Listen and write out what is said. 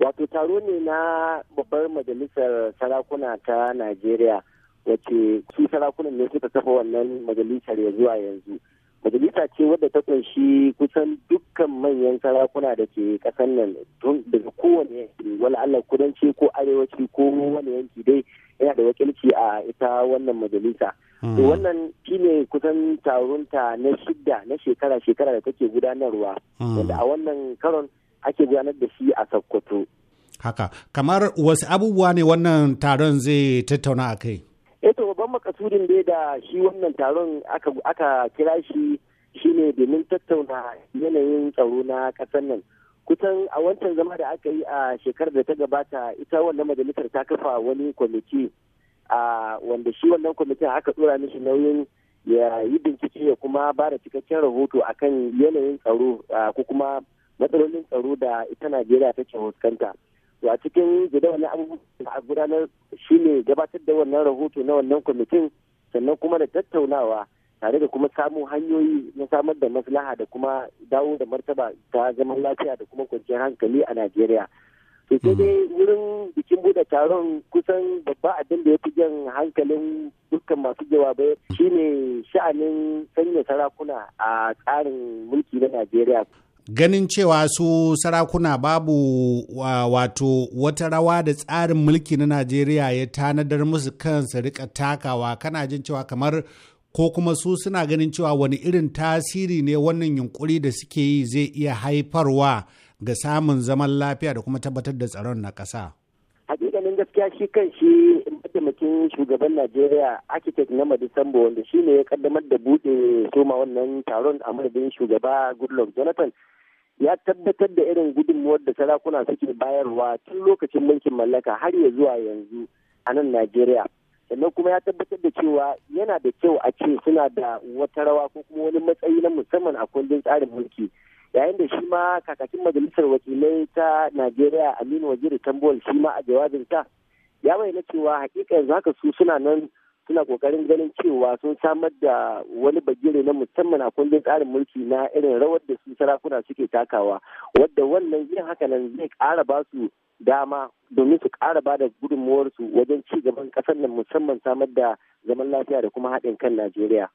wato taro ne na babbar majalisar sarakuna ta najeriya wacce su sarakunan ne suka kafa wannan majalisar ya zuwa yanzu majalisa ce wadda ta kunshi kusan dukkan manyan sarakuna da ke kasan nan daga kowane yanki wala allah kudanci ko arewaci ko wani yanki dai yana da wakilci a ita wannan majalisa to hmm. wannan shine kusan taronta na shidda na shekara shekara da take gudanarwa hmm. wanda a wannan karon ake gudanar da shi a Sokoto. Haka, kamar wasu abubuwa ne wannan taron zai tattauna a kai? Eto, eh babban makasudin dai da shi wannan taron aka kira shi ne domin tattauna yanayin tsaro na ƙasar nan. Kusan a wancan zama da aka yi a shekarar da ta gabata ita wannan majalisar ta kafa wani kwamiti wanda shi wannan kwamitin aka ɗora mishi nauyin ya yi bincike ya kuma ba da cikakken rahoto akan yanayin tsaro ko kuma matsalolin tsaro da ita najeriya take fuskanta to a cikin jadawalin abubuwan da a gudanar shine gabatar da wannan rahoto na wannan kwamitin sannan kuma da tattaunawa tare da kuma samun hanyoyi na samar da maslaha da kuma dawo da martaba ta zaman lafiya da kuma kwanciyar hankali a najeriya to sai hmm. dai wurin bikin bude taron kusan babba abin da ya fi jan hankalin dukkan masu jawabai shine sha'anin sanya sarakuna a tsarin mulki na najeriya ganin cewa su sarakuna babu wato wata rawa da tsarin mulki na najeriya ya tanadar musu kansa rika takawa kana jin cewa kamar ko kuma su suna ganin cewa wani irin tasiri ne wannan yunkuri da suke yi zai iya haifarwa ga samun zaman lafiya da kuma tabbatar da tsaron na ƙasa. hakikanin gaskiya shi kan shi mataimakin shugaban najeriya architect na madisambo wanda shi ne ya kaddamar da buɗe soma wannan taron a madadin shugaba goodluck jonathan ya tabbatar da irin gudunmuwar da sarakuna suke bayarwa tun lokacin mulkin mallaka har ya zuwa yanzu a nan Najeriya. Sannan kuma ya tabbatar da cewa yana da kyau a ce suna da wata rawa ko kuma wani matsayi na musamman a kundin tsarin mulki. Yayin da shi ma kakakin majalisar wakilai ta Najeriya Aminu wajiri Tambol shi ma a jawabinsa ya bayyana cewa hakika yanzu haka su suna nan suna kokarin ganin cewa sun samar da wani bagire na musamman a kundin tsarin mulki na irin rawar da su sarakuna suke takawa wadda wannan yin nan zai kara ba su dama domin su ƙara ba da gudunmuwarsu wajen ci gaban ƙasar nan musamman samar da zaman lafiya da kuma haɗin kan najeriya